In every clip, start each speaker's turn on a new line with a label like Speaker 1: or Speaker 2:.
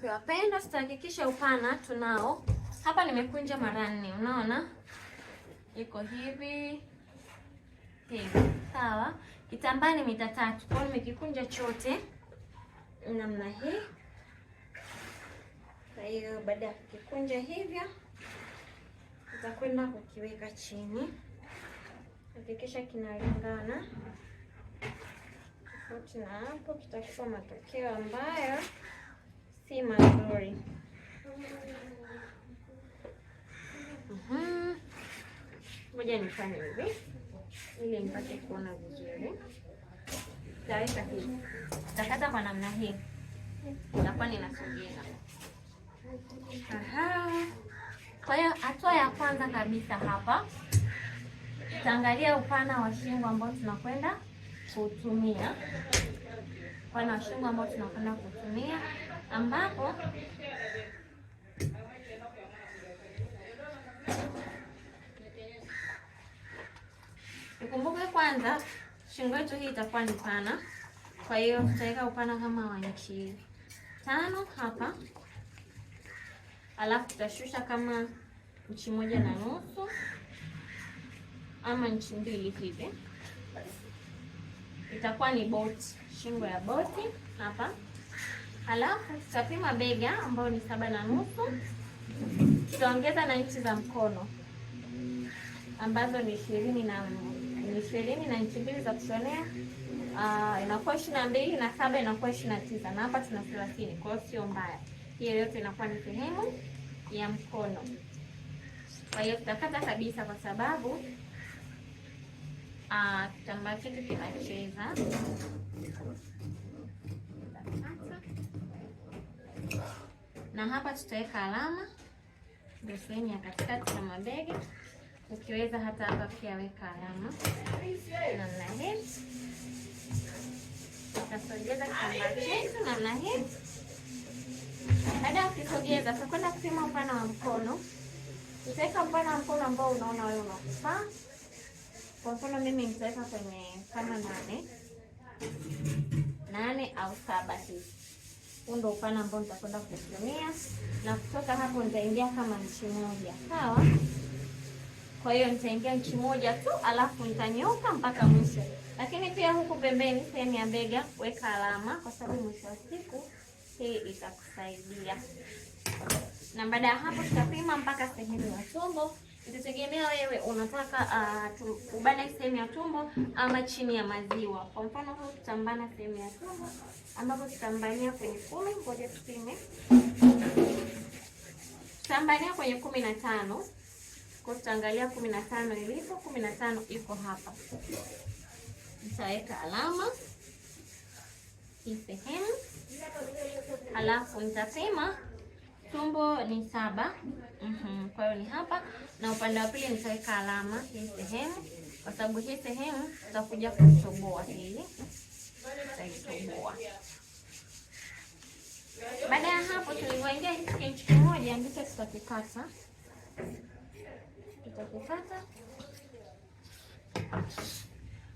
Speaker 1: Okay, wapenda upana tunao. Hapa nimekunja mara nne, unaona? Iko hivi. Hivi. Sawa. Kitambaa ni mita tatu. Kwa nimekikunja chote namna hii. Kwa hiyo baada ya kukikunja hivyo tutakwenda kukiweka chini. Hakikisha kinalingana. Tofauti na hapo tutakuwa matokeo ambayo si mazuri. Ngoja nifanye hivi ili mpate kuona vizuri. Taweka hivi, takata kwa namna hii, nitakuwa ninasogeza. Kwa hiyo hatua ya kwanza kabisa hapa tutaangalia upana wa shingo ambao tunakwenda kutumia, upana wa shingo ambao tunakwenda kutumia ambapo ikumbuke kwanza shingo yetu hii itakuwa ni pana, kwa hiyo tutaweka upana kama wa inchi tano hapa, alafu tutashusha kama inchi moja na nusu ama inchi mbili hivi, itakuwa ni boti, shingo ya boti hapa. Halafu tutapima bega ambayo ni saba na nusu, tutaongeza na nchi za mkono ambazo ni ishirini na ishirini na nchi mbili za kushonea uh, inakuwa ishirini na mbili na saba inakuwa ishirini na tisa na hapa tuna thelathini. Kwa hiyo sio mbaya, hiyo yote inakuwa ni sehemu ya mkono. Kwa hiyo tutakata kabisa, kwa sababu uh, kitambaa chetu kinacheza. na hapa tutaweka alama ndio sehemu ya katikati ya mabega. Ukiweza hata hapa pia weka alama namna hii. Tutasogeza kitambaa chetu namna hii. Baada ya kusogeza, tutakwenda kupima upana wa mkono. Utaweka upana wa mkono ambao unaona wewe unakufaa. Kwa mfano mimi nitaweka kwenye kama nane nane au saba hivi huu ndio upana ambao nitakwenda kutumia, na kutoka hapo nitaingia kama nchi moja, sawa. Kwa hiyo nitaingia nchi moja tu, alafu nitanyooka mpaka mwisho. Lakini pia huku pembeni, sehemu ya bega, weka alama, kwa sababu mwisho wa siku hii itakusaidia. Na baada ya hapo, tutapima mpaka sehemu ya tumbo. Itategemea wewe unataka ah, uh, ubana sehemu ya tumbo ama chini ya maziwa. Kwa mfano huu tutambana sehemu ya tumbo ambapo tutambania kwenye kumi. Ngoja tupime, tutambania kwenye kumi na tano kwa tutaangalia kumi na tano ilipo. Kumi na tano iko hapa, nitaweka alama hii sehemu, halafu nitapima tumbo ni saba. Mm-hmm. Kwa hiyo ni hapa na upande wa pili nitaweka alama hii sehemu, kwa sababu hii sehemu tutakuja kuitoboa hili, tutaitoboa baada ya hapo, tulivyoingia hiki kinchi kimoja ndicho tutakikata, tutakikata.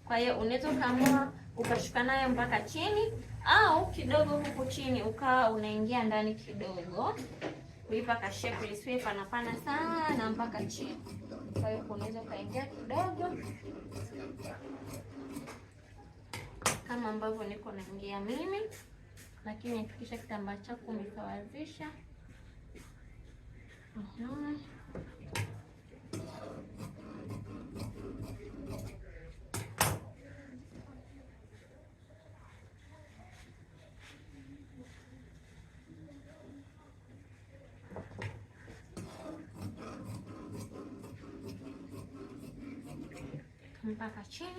Speaker 1: Kwa hiyo unaweza ukaamua ukashuka nayo mpaka chini, au kidogo huku chini ukawa unaingia ndani kidogo, kuipaka shape lisiwe pana pana sana mpaka chini. Kwa hiyo unaweza ukaingia kidogo kama ambavyo niko naingia mimi, lakini hakikisha kitambaa chako umesawazisha. Mhm. mpaka chini.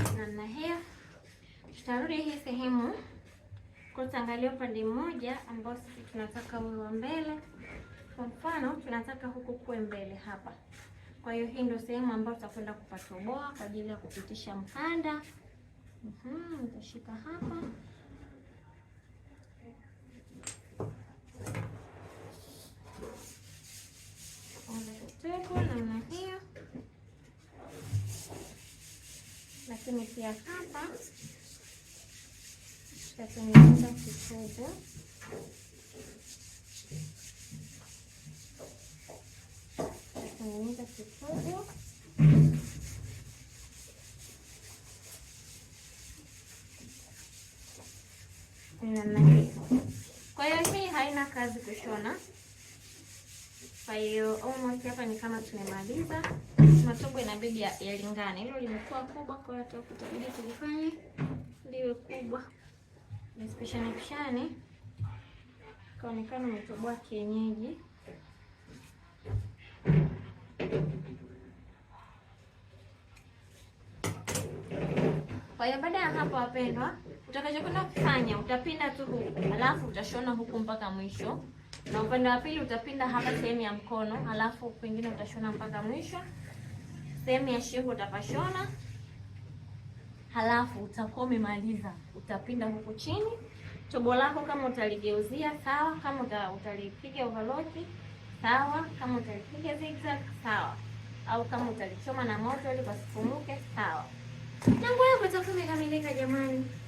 Speaker 1: Namna hiyo tutarudi hii sehemu, kutangalia upande mmoja ambao sisi tunataka uwe wa mbele. Kwa mfano tunataka huku kuwe mbele hapa. Kwa hiyo hii ndio sehemu ambayo tutakwenda kupatoboa kwa ajili ya kupitisha mkanda. Mhm, nitashika hapa. Teko namna hiyo, lakini pia hapa tutatengeneza kitobo namna hii. Kwa hiyo hii haina kazi kushona. Kwa hiyo almost hapa ni kama tumemaliza. Matumbo inabidi yalingane, hilo limekuwa kubwa, kwa hiyo tutabidi tulifanye liwe kubwa nisipishane pishane, kaonekana umetoboa kienyeji. Kwa hiyo baada ya hapo, wapendwa Utakachokwenda kufanya utapinda tu huku, alafu utashona huku mpaka mwisho, na upande wa pili utapinda hapa sehemu ya mkono, alafu kwingine utashona mpaka mwisho. Sehemu ya shingo utapashona, halafu utakuwa umemaliza. Utapinda huku chini, tobo lako kama utaligeuzia sawa, kama utalipiga overlock sawa, kama utalipiga zigzag sawa, au kama utalichoma na moto ili pasifumuke sawa. Nangu yako itakuwa imekamilika jamani.